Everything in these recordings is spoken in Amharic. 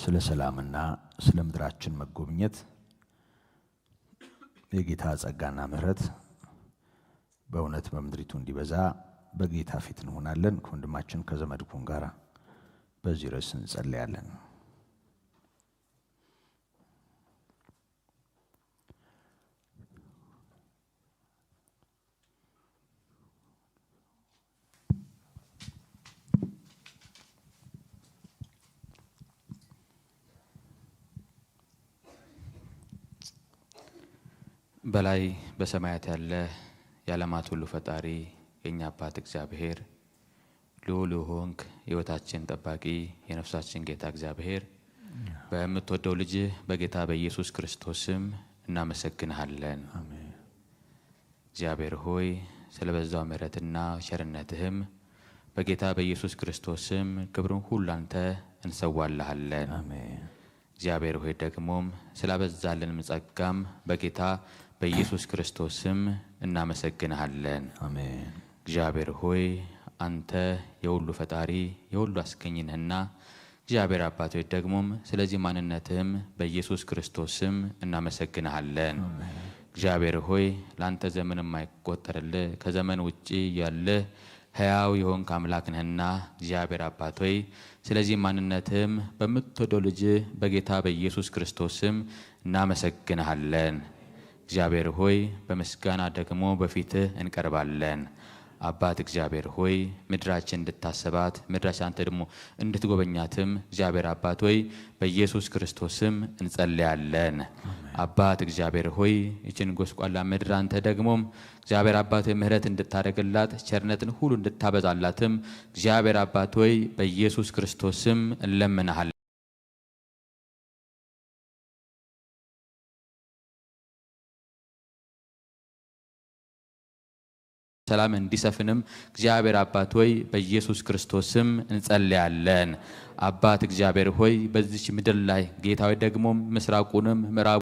ስለ ሰላምና ስለ ምድራችን መጎብኘት የጌታ ጸጋና ምሕረት በእውነት በምድሪቱ እንዲበዛ በጌታ ፊት እንሆናለን። ከወንድማችን ከዘመድኩን ጋር በዚህ ርዕስ እንጸለያለን። በላይ በሰማያት ያለ የዓለማት ሁሉ ፈጣሪ የእኛ አባት እግዚአብሔር ልዑል ሆንክ የሕይወታችን ጠባቂ የነፍሳችን ጌታ እግዚአብሔር በምትወደው ልጅ በጌታ በኢየሱስ ክርስቶስም እናመሰግንሃለን። እግዚአብሔር ሆይ ስለ በዛው ምሕረትና ቸርነትህም በጌታ በኢየሱስ ክርስቶስም ክብሩን ሁሉ አንተ እንሰዋልሃለን። እግዚአብሔር ሆይ ደግሞም ስላበዛልንም ጸጋም በጌታ በኢየሱስ ክርስቶስም እናመሰግንሃለን። እግዚአብሔር ሆይ አንተ የሁሉ ፈጣሪ የሁሉ አስገኝ ነህና እግዚአብሔር አባቶች ደግሞም ስለዚህ ማንነትህም በኢየሱስ ክርስቶስም እናመሰግንሃለን። እግዚአብሔር ሆይ ለአንተ ዘመን የማይቆጠርልህ ከዘመን ውጪ ያለህ ሕያው የሆንክ አምላክ ነህና እግዚአብሔር አባት ሆይ ስለዚህ ማንነትህም በምትወደው ልጅ በጌታ በኢየሱስ ክርስቶስም እናመሰግንሃለን። እግዚአብሔር ሆይ በምስጋና ደግሞ በፊትህ እንቀርባለን። አባት እግዚአብሔር ሆይ ምድራችን እንድታሰባት ምድራችን አንተ ደግሞ እንድትጎበኛትም እግዚአብሔር አባት ሆይ በኢየሱስ ክርስቶስም እንጸለያለን። አባት እግዚአብሔር ሆይ ይችን ጎስቋላ ምድር አንተ ደግሞም እግዚአብሔር አባት ሆይ ምሕረት እንድታደርግላት ቸርነትን ሁሉ እንድታበዛላትም እግዚአብሔር አባት ሆይ በኢየሱስ ክርስቶስም እንለምናሃለን። ሰላም እንዲሰፍንም እግዚአብሔር አባት ሆይ በኢየሱስ ክርስቶስም እንጸልያለን። አባት እግዚአብሔር ሆይ በዚች ምድር ላይ ጌታዊ ደግሞ ምስራቁንም ምዕራቡ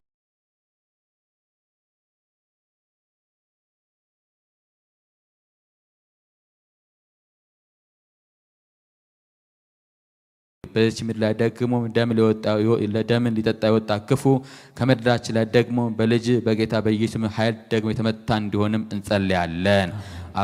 በዚች ምድር ላይ ደግሞ ደምን ሊጠጣ የወጣ ክፉ ከምድራችን ላይ ደግሞ በልጅ በጌታ በኢየሱስ ኃይል ደግሞ የተመታ እንዲሆንም እንጸልያለን።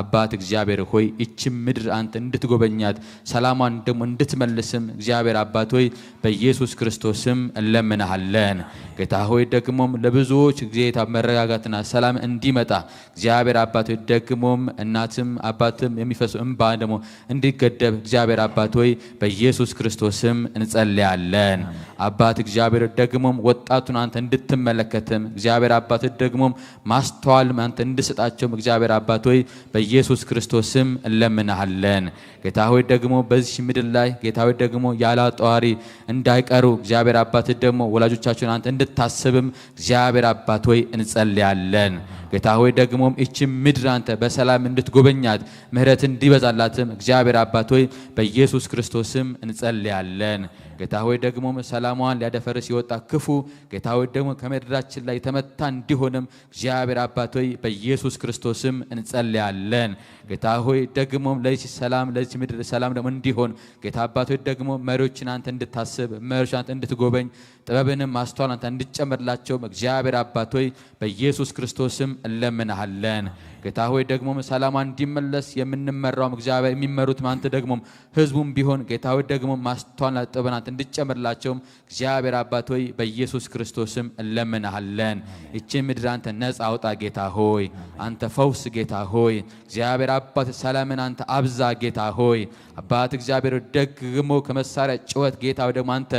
አባት እግዚአብሔር ሆይ ይችም ምድር አንተ እንድትጎበኛት ሰላሟን ደግሞ እንድትመልስም እግዚአብሔር አባት ሆይ በኢየሱስ ክርስቶስም እንለምናሃለን። ጌታ ሆይ ደግሞም ለብዙዎች ጌታ መረጋጋትና ሰላም እንዲመጣ እግዚአብሔር አባት ሆይ ደግሞም እናትም አባትም የሚፈሱ እንባ ደግሞ እንዲገደብ እግዚአብሔር አባት ሆይ በኢየሱስ ክርስቶስም እንጸልያለን። አባት እግዚአብሔር ደግሞም ወጣቱን አንተ እንድትመለከትም እግዚአብሔር አባት ደግሞም ማስተዋል አንተ እንድሰጣቸውም እግዚአብሔር አባት ሆይ በኢየሱስ ክርስቶስም እንለምናሃለን። ጌታ ሆይ ደግሞ በዚህ ምድር ላይ ጌታ ሆይ ደግሞ ያለ አጧሪ እንዳይቀሩ እግዚአብሔር አባት ደግሞ ወላጆቻችን አንተ እንድታስብም እግዚአብሔር አባት ሆይ እንጸልያለን። ጌታ ሆይ ደግሞም እቺ ምድር አንተ በሰላም እንድትጎበኛት ምሕረት እንዲበዛላትም እግዚአብሔር አባት ሆይ በኢየሱስ ክርስቶስም እንጸልያለን። ጌታ ሆይ ደግሞ ሰላሟን ሊያደፈርስ ይወጣ ክፉ ጌታ ሆይ ደግሞ ከምድራችን ላይ የተመታ እንዲሆንም እግዚአብሔር አባት ሆይ በኢየሱስ ክርስቶስም እንጸልያለን። እንጸልያለን። ጌታ ሆይ ደግሞ ለዚህ ሰላም ለዚህ ምድር ሰላም ደግሞ እንዲሆን ጌታ አባቶች ደግሞ መሪዎችን አንተ እንድታስብ መሪዎች አንተ እንድትጎበኝ ጥበብንም ማስተዋልን እንድጨመርላቸውም እግዚአብሔር አባት ሆይ በኢየሱስ ክርስቶስም እንለምናሃለን። ጌታ ሆይ ደግሞ ሰላማ እንዲመለስ የምንመራውም እግዚአብሔር የሚመሩት አንተ ደግሞ ህዝቡም ቢሆን ጌታ ሆይ ደግሞ ማስተዋልና ጥበብን አንተ እንድጨምርላቸውም እግዚአብሔር አባት ሆይ በኢየሱስ ክርስቶስም እንለምናሃለን። ይቺ ምድር አንተ ነጻ አውጣ ጌታ ሆይ፣ አንተ ፈውስ ጌታ ሆይ፣ እግዚአብሔር አባት ሰላምን አንተ አብዛ ጌታ ሆይ፣ አባት እግዚአብሔር ደግሞ ከመሳሪያ ጭወት ጌታ ደግሞ አንተ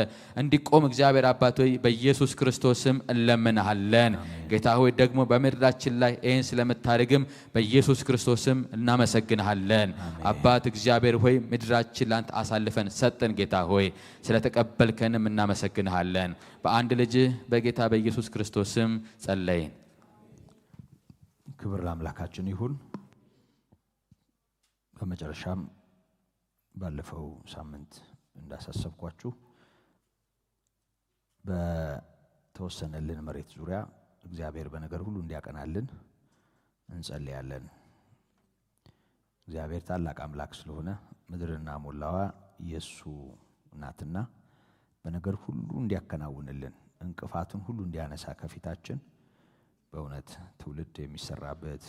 እንዲቆም እግዚአብሔር አባት ሆይ በኢየሱስ ክርስቶስም እንለምንሃለን። ጌታ ሆይ ደግሞ በምድራችን ላይ ይህን ስለምታደርግም በኢየሱስ ክርስቶስም እናመሰግንሃለን። አባት እግዚአብሔር ሆይ ምድራችን ላንተ አሳልፈን ሰጠን። ጌታ ሆይ ስለተቀበልከንም እናመሰግንሃለን። በአንድ ልጅ በጌታ በኢየሱስ ክርስቶስም ጸለይን። ክብር ለአምላካችን ይሁን። በመጨረሻም ባለፈው ሳምንት እንዳሳሰብኳችሁ በተወሰነልን መሬት ዙሪያ እግዚአብሔር በነገር ሁሉ እንዲያቀናልን እንጸልያለን። እግዚአብሔር ታላቅ አምላክ ስለሆነ ምድርና ሞላዋ የእሱ ናትና በነገር ሁሉ እንዲያከናውንልን እንቅፋቱን ሁሉ እንዲያነሳ ከፊታችን በእውነት ትውልድ የሚሰራበት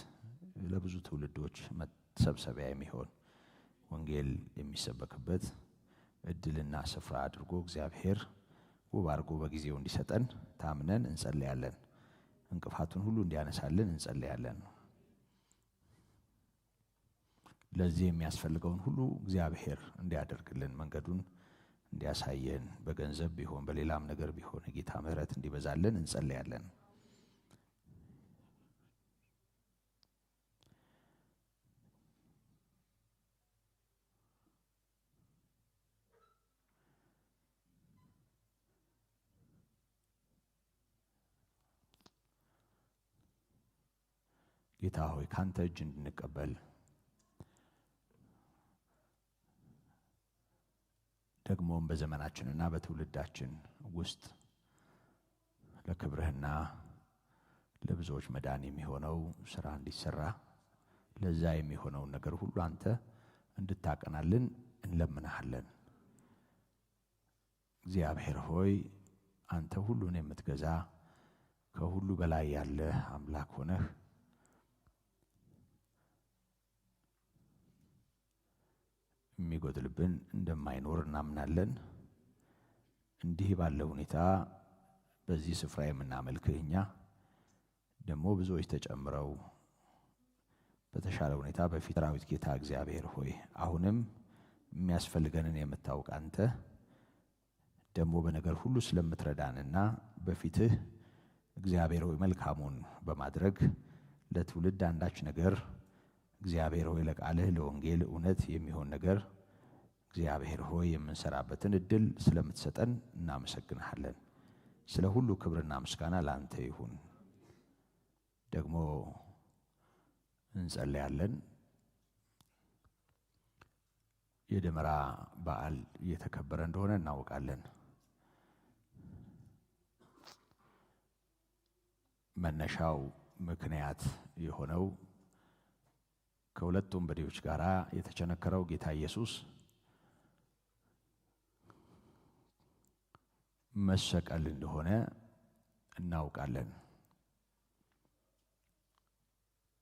ለብዙ ትውልዶች መሰብሰቢያ የሚሆን ወንጌል የሚሰበክበት እድልና ስፍራ አድርጎ እግዚአብሔር ውብ አድርጎ በጊዜው እንዲሰጠን ታምነን እንጸለያለን። እንቅፋቱን ሁሉ እንዲያነሳልን እንጸለያለን። ለዚህ የሚያስፈልገውን ሁሉ እግዚአብሔር እንዲያደርግልን መንገዱን እንዲያሳየን በገንዘብ ቢሆን በሌላም ነገር ቢሆን የጌታ ምሕረት እንዲበዛልን እንጸለያለን። ጌታ ሆይ ካንተ እጅ እንድንቀበል ደግሞም በዘመናችንና በትውልዳችን ውስጥ ለክብርህና ለብዙዎች መዳን የሚሆነው ስራ እንዲሰራ ለዛ የሚሆነውን ነገር ሁሉ አንተ እንድታቀናልን እንለምናሃለን። እግዚአብሔር ሆይ አንተ ሁሉን የምትገዛ ከሁሉ በላይ ያለህ አምላክ ሆነህ የሚጎድልብን እንደማይኖር እናምናለን። እንዲህ ባለ ሁኔታ በዚህ ስፍራ የምናመልክህ እኛ ደግሞ ብዙዎች ተጨምረው በተሻለ ሁኔታ በፊት ሰራዊት ጌታ እግዚአብሔር ሆይ አሁንም የሚያስፈልገንን የምታውቅ አንተ ደግሞ በነገር ሁሉ ስለምትረዳንና በፊትህ እግዚአብሔር ሆይ መልካሙን በማድረግ ለትውልድ አንዳች ነገር እግዚአብሔር ሆይ ለቃልህ ለወንጌል እውነት የሚሆን ነገር እግዚአብሔር ሆይ የምንሰራበትን እድል ስለምትሰጠን እናመሰግንሃለን። ስለ ሁሉ ክብርና ምስጋና ለአንተ ይሁን። ደግሞ እንጸለያለን። የደመራ በዓል እየተከበረ እንደሆነ እናውቃለን። መነሻው ምክንያት የሆነው ከሁለት ወንበዴዎች ጋር የተቸነከረው ጌታ ኢየሱስ መሰቀል እንደሆነ እናውቃለን።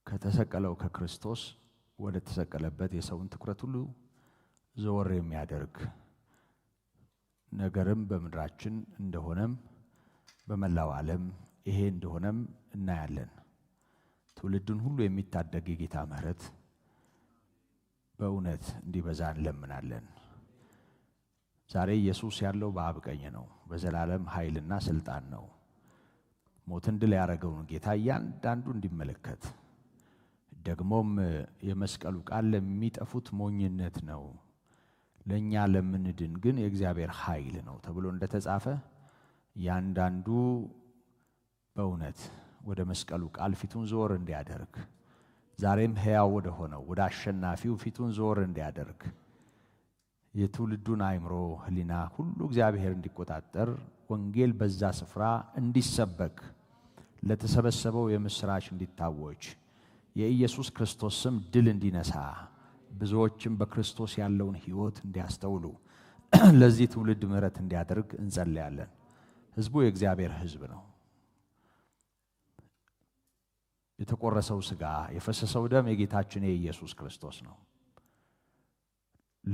ከተሰቀለው ከክርስቶስ ወደ ተሰቀለበት የሰውን ትኩረት ሁሉ ዘወር የሚያደርግ ነገርም በምድራችን እንደሆነም በመላው ዓለም ይሄ እንደሆነም እናያለን። ትውልድን ሁሉ የሚታደግ የጌታ ምሕረት በእውነት እንዲበዛ እንለምናለን። ዛሬ ኢየሱስ ያለው በአብ ቀኝ ነው። በዘላለም ኃይልና ስልጣን ነው። ሞትን ድል ያደረገውን ጌታ እያንዳንዱ እንዲመለከት ደግሞም የመስቀሉ ቃል ለሚጠፉት ሞኝነት ነው፣ ለእኛ ለምንድን ግን የእግዚአብሔር ኃይል ነው ተብሎ እንደተጻፈ እያንዳንዱ በእውነት ወደ መስቀሉ ቃል ፊቱን ዞር እንዲያደርግ ዛሬም ሕያው ወደ ሆነው ወደ አሸናፊው ፊቱን ዞር እንዲያደርግ የትውልዱን አይምሮ ህሊና ሁሉ እግዚአብሔር እንዲቆጣጠር ወንጌል በዛ ስፍራ እንዲሰበክ ለተሰበሰበው የምስራች እንዲታወች የኢየሱስ ክርስቶስ ስም ድል እንዲነሳ ብዙዎችም በክርስቶስ ያለውን ሕይወት እንዲያስተውሉ ለዚህ ትውልድ ምሕረት እንዲያደርግ እንጸልያለን። ሕዝቡ የእግዚአብሔር ሕዝብ ነው። የተቆረሰው ስጋ የፈሰሰው ደም የጌታችን የኢየሱስ ክርስቶስ ነው።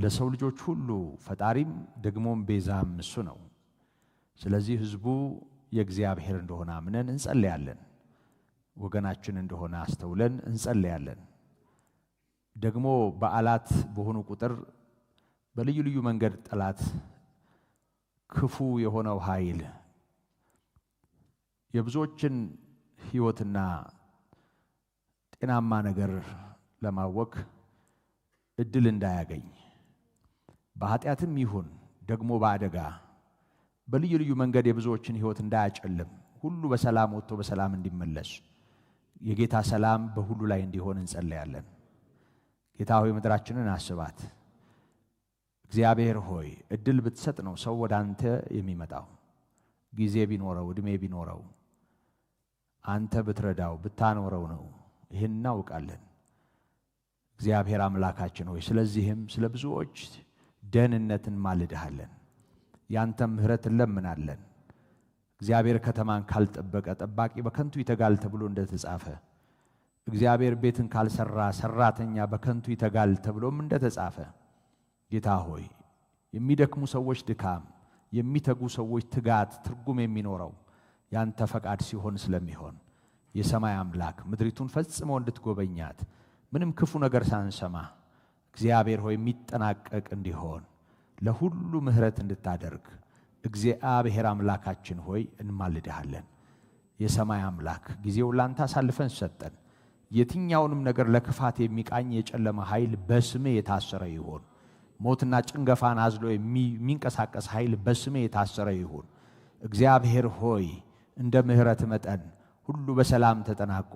ለሰው ልጆች ሁሉ ፈጣሪም ደግሞም ቤዛም እሱ ነው። ስለዚህ ሕዝቡ የእግዚአብሔር እንደሆነ አምነን እንጸለያለን። ወገናችን እንደሆነ አስተውለን እንጸለያለን። ደግሞ በዓላት በሆኑ ቁጥር በልዩ ልዩ መንገድ ጠላት ክፉ የሆነው ኃይል የብዙዎችን ሕይወትና ጤናማ ነገር ለማወቅ እድል እንዳያገኝ በኃጢአትም ይሁን ደግሞ በአደጋ በልዩ ልዩ መንገድ የብዙዎችን ሕይወት እንዳያጨልም ሁሉ በሰላም ወጥቶ በሰላም እንዲመለስ የጌታ ሰላም በሁሉ ላይ እንዲሆን እንጸለያለን። ጌታ ሆይ ምድራችንን አስባት። እግዚአብሔር ሆይ እድል ብትሰጥ ነው ሰው ወደ አንተ የሚመጣው። ጊዜ ቢኖረው፣ እድሜ ቢኖረው፣ አንተ ብትረዳው ብታኖረው ነው ይህን እናውቃለን። እግዚአብሔር አምላካችን ሆይ ስለዚህም ስለ ብዙዎች ደህንነትን ማልድሃለን፣ ያንተ ምሕረት እንለምናለን። እግዚአብሔር ከተማን ካልጠበቀ ጠባቂ በከንቱ ይተጋል ተብሎ እንደተጻፈ እግዚአብሔር ቤትን ካልሰራ ሰራተኛ በከንቱ ይተጋል ተብሎም እንደተጻፈ ጌታ ሆይ የሚደክሙ ሰዎች ድካም፣ የሚተጉ ሰዎች ትጋት ትርጉም የሚኖረው ያንተ ፈቃድ ሲሆን ስለሚሆን የሰማይ አምላክ ምድሪቱን ፈጽሞ እንድትጎበኛት ምንም ክፉ ነገር ሳንሰማ እግዚአብሔር ሆይ የሚጠናቀቅ እንዲሆን ለሁሉ ምሕረት እንድታደርግ እግዚአብሔር አምላካችን ሆይ እንማልድሃለን። የሰማይ አምላክ ጊዜው ላንተ አሳልፈን ሰጠን። የትኛውንም ነገር ለክፋት የሚቃኝ የጨለመ ኃይል በስሜ የታሰረ ይሆን። ሞትና ጭንገፋን አዝሎ የሚንቀሳቀስ ኃይል በስሜ የታሰረ ይሁን። እግዚአብሔር ሆይ እንደ ምሕረት መጠን ሁሉ በሰላም ተጠናቆ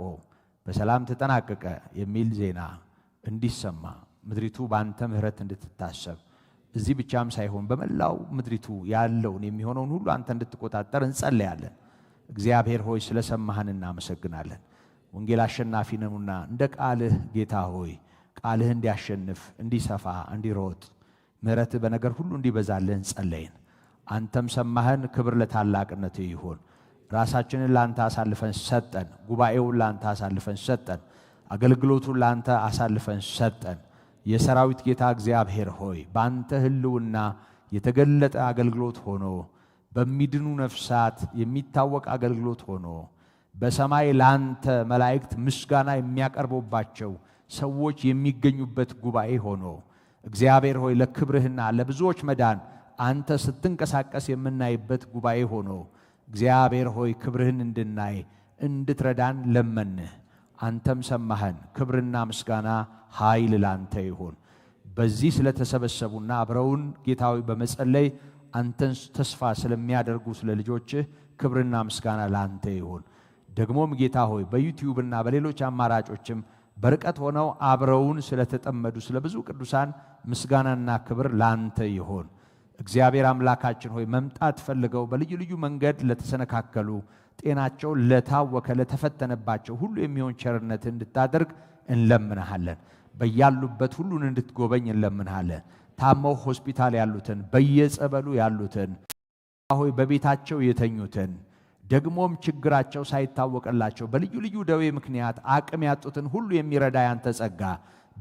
በሰላም ተጠናቀቀ የሚል ዜና እንዲሰማ ምድሪቱ በአንተ ምሕረት እንድትታሰብ እዚህ ብቻም ሳይሆን በመላው ምድሪቱ ያለውን የሚሆነውን ሁሉ አንተ እንድትቆጣጠር እንጸለያለን። እግዚአብሔር ሆይ ስለሰማህን እናመሰግናለን። ወንጌል አሸናፊ ነውና እንደ ቃልህ ጌታ ሆይ ቃልህ እንዲያሸንፍ፣ እንዲሰፋ፣ እንዲሮጥ ምሕረትህ በነገር ሁሉ እንዲበዛልህ እንጸለይን አንተም ሰማህን። ክብር ለታላቅነት ይሆን። ራሳችንን ላንተ አሳልፈን ሰጠን። ጉባኤውን ላንተ አሳልፈን ሰጠን። አገልግሎቱን ላንተ አሳልፈን ሰጠን። የሰራዊት ጌታ እግዚአብሔር ሆይ በአንተ ሕልውና የተገለጠ አገልግሎት ሆኖ በሚድኑ ነፍሳት የሚታወቅ አገልግሎት ሆኖ በሰማይ ላንተ መላእክት ምስጋና የሚያቀርቡባቸው ሰዎች የሚገኙበት ጉባኤ ሆኖ እግዚአብሔር ሆይ ለክብርህና ለብዙዎች መዳን አንተ ስትንቀሳቀስ የምናይበት ጉባኤ ሆኖ እግዚአብሔር ሆይ ክብርህን እንድናይ እንድትረዳን ለመንህ፣ አንተም ሰማህን። ክብርና ምስጋና ኃይል ላንተ ይሁን። በዚህ ስለተሰበሰቡና አብረውን ጌታዊ በመጸለይ አንተን ተስፋ ስለሚያደርጉ ስለ ልጆችህ ክብርና ምስጋና ላንተ ይሁን። ደግሞም ጌታ ሆይ በዩቲዩብና በሌሎች አማራጮችም በርቀት ሆነው አብረውን ስለተጠመዱ ስለ ብዙ ቅዱሳን ምስጋናና ክብር ላንተ ይሁን። እግዚአብሔር አምላካችን ሆይ መምጣት ፈልገው በልዩ ልዩ መንገድ ለተሰነካከሉ ጤናቸው ለታወከ ለተፈተነባቸው ሁሉ የሚሆን ቸርነት እንድታደርግ እንለምንሃለን። በያሉበት ሁሉን እንድትጎበኝ እንለምንሃለን። ታመው ሆስፒታል ያሉትን፣ በየጸበሉ ያሉትን፣ ሆይ በቤታቸው የተኙትን ደግሞም ችግራቸው ሳይታወቅላቸው በልዩ ልዩ ደዌ ምክንያት አቅም ያጡትን ሁሉ የሚረዳ ያንተ ጸጋ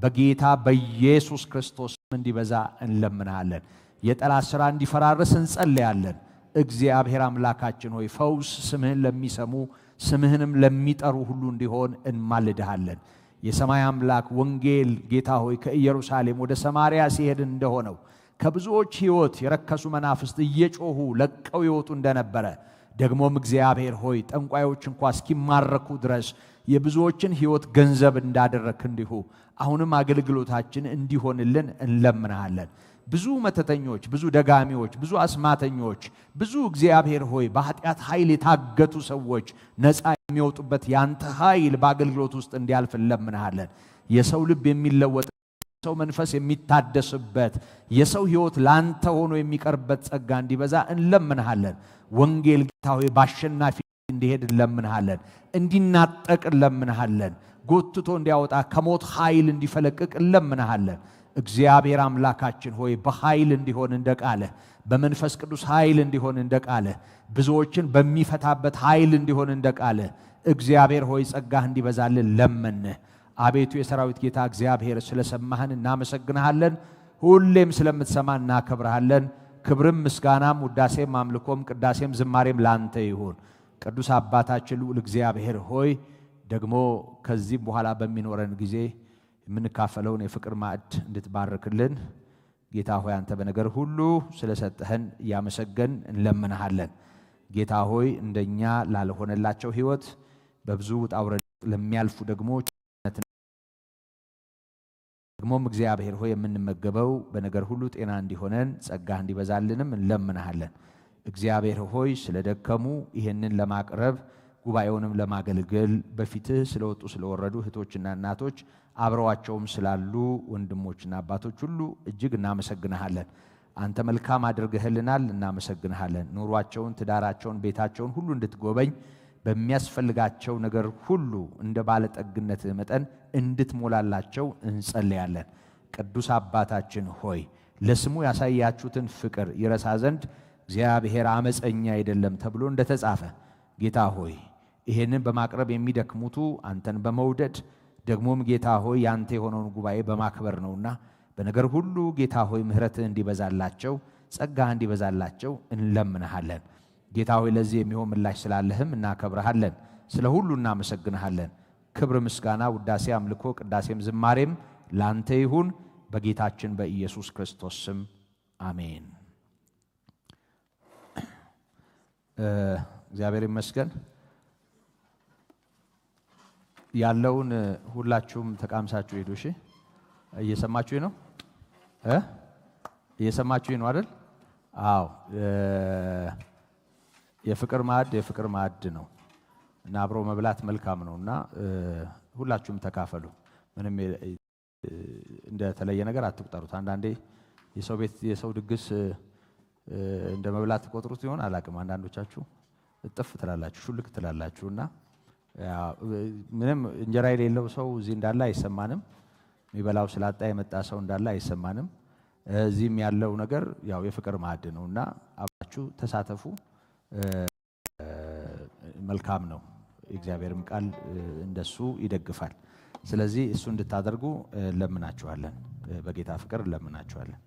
በጌታ በኢየሱስ ክርስቶስ እንዲበዛ እንለምንሃለን። የጠላት ሥራ እንዲፈራርስ እንጸለያለን። እግዚአብሔር አምላካችን ሆይ ፈውስ ስምህን ለሚሰሙ ስምህንም ለሚጠሩ ሁሉ እንዲሆን እንማልድሃለን። የሰማይ አምላክ ወንጌል ጌታ ሆይ ከኢየሩሳሌም ወደ ሰማርያ ሲሄድ እንደሆነው ከብዙዎች ሕይወት የረከሱ መናፍስት እየጮኹ ለቀው ይወጡ እንደነበረ ደግሞም እግዚአብሔር ሆይ ጠንቋዮች እንኳ እስኪማረኩ ድረስ የብዙዎችን ሕይወት ገንዘብ እንዳደረክ እንዲሁ አሁንም አገልግሎታችን እንዲሆንልን እንለምንሃለን። ብዙ መተተኞች፣ ብዙ ደጋሚዎች፣ ብዙ አስማተኞች፣ ብዙ እግዚአብሔር ሆይ በኃጢአት ኃይል የታገቱ ሰዎች ነፃ የሚወጡበት ያንተ ኃይል በአገልግሎት ውስጥ እንዲያልፍ እንለምንሃለን። የሰው ልብ የሚለወጥ ሰው መንፈስ የሚታደስበት የሰው ህይወት ለአንተ ሆኖ የሚቀርበት ጸጋ እንዲበዛ እንለምንሃለን። ወንጌል ጌታ ሆይ በአሸናፊ እንዲሄድ እንለምንሃለን። እንዲናጠቅ እንለምንሃለን። ጎትቶ እንዲያወጣ ከሞት ኃይል እንዲፈለቅቅ እንለምንሃለን። እግዚአብሔር አምላካችን ሆይ በኃይል እንዲሆን እንደ ቃለ በመንፈስ ቅዱስ ኃይል እንዲሆን እንደ ቃለ ብዙዎችን በሚፈታበት ኃይል እንዲሆን እንደ ቃለ እግዚአብሔር ሆይ ጸጋህ እንዲበዛልን ለመንህ። አቤቱ የሰራዊት ጌታ እግዚአብሔር ስለሰማህን እናመሰግንሃለን። ሁሌም ስለምትሰማ እናከብርሃለን። ክብርም፣ ምስጋናም፣ ውዳሴም፣ አምልኮም፣ ቅዳሴም፣ ዝማሬም ላንተ ይሁን። ቅዱስ አባታችን ልዑል እግዚአብሔር ሆይ ደግሞ ከዚህም በኋላ በሚኖረን ጊዜ የምንካፈለውን የፍቅር ማዕድ እንድትባርክልን ጌታ ሆይ አንተ በነገር ሁሉ ስለሰጠህን እያመሰገን እንለምንሃለን። ጌታ ሆይ እንደኛ ላልሆነላቸው ህይወት በብዙ ውጣ ውረድ ለሚያልፉ ደግሞ ደግሞም እግዚአብሔር ሆይ የምንመገበው በነገር ሁሉ ጤና እንዲሆነን ጸጋ እንዲበዛልንም እንለምንሃለን። እግዚአብሔር ሆይ ስለደከሙ ይህንን ለማቅረብ ጉባኤውንም ለማገልገል በፊትህ ስለወጡ ስለወረዱ እህቶችና እናቶች አብረዋቸውም ስላሉ ወንድሞችና አባቶች ሁሉ እጅግ እናመሰግንሃለን። አንተ መልካም አድርገህልናል፣ እናመሰግንሃለን። ኑሯቸውን፣ ትዳራቸውን፣ ቤታቸውን ሁሉ እንድትጎበኝ በሚያስፈልጋቸው ነገር ሁሉ እንደ ባለጠግነት መጠን እንድትሞላላቸው እንጸልያለን። ቅዱስ አባታችን ሆይ ለስሙ ያሳያችሁትን ፍቅር ይረሳ ዘንድ እግዚአብሔር አመፀኛ አይደለም ተብሎ እንደተጻፈ ጌታ ሆይ ይህንን በማቅረብ የሚደክሙቱ አንተን በመውደድ ደግሞም ጌታ ሆይ ያንተ የሆነውን ጉባኤ በማክበር ነውና በነገር ሁሉ ጌታ ሆይ ምሕረትህ እንዲበዛላቸው ጸጋ እንዲበዛላቸው እንለምንሃለን። ጌታ ሆይ ለዚህ የሚሆን ምላሽ ስላለህም እናከብረሃለን። ስለ ሁሉ እናመሰግንሃለን። ክብር፣ ምስጋና፣ ውዳሴ፣ አምልኮ፣ ቅዳሴም ዝማሬም ላንተ ይሁን በጌታችን በኢየሱስ ክርስቶስ ስም አሜን። እግዚአብሔር ይመስገን። ያለውን ሁላችሁም ተቃምሳችሁ ሄዱ። እሺ፣ እየሰማችሁ ነው እየሰማችሁ ነው አይደል? አዎ፣ የፍቅር ማዕድ የፍቅር ማዕድ ነው እና አብሮ መብላት መልካም ነው እና ሁላችሁም ተካፈሉ። ምንም እንደተለየ ነገር አትቁጠሩት። አንዳንዴ የሰው ቤት የሰው ድግስ እንደ መብላት ትቆጥሩት ይሆን አላቅም። አንዳንዶቻችሁ እጥፍ ትላላችሁ፣ ሹልክ ትላላችሁ እና ምንም እንጀራ የሌለው ሰው እዚህ እንዳለ አይሰማንም። የሚበላው ስላጣ የመጣ ሰው እንዳለ አይሰማንም። እዚህም ያለው ነገር ያው የፍቅር ማዕድ ነው እና አብራችሁ ተሳተፉ። መልካም ነው። የእግዚአብሔርም ቃል እንደሱ ይደግፋል። ስለዚህ እሱ እንድታደርጉ ለምናችኋለን፣ በጌታ ፍቅር ለምናችኋለን።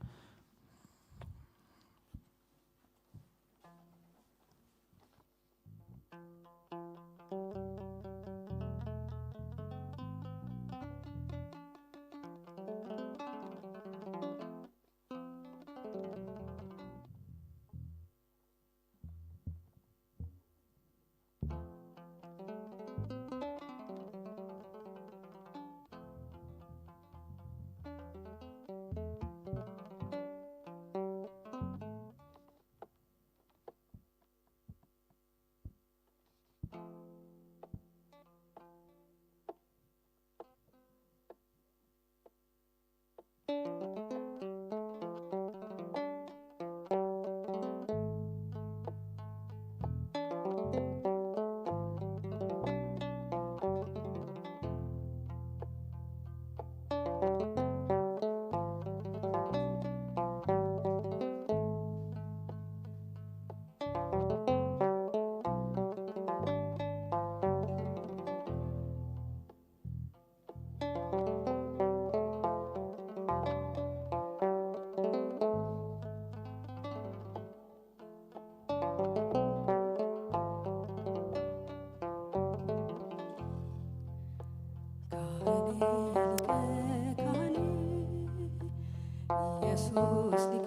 Thank you. closely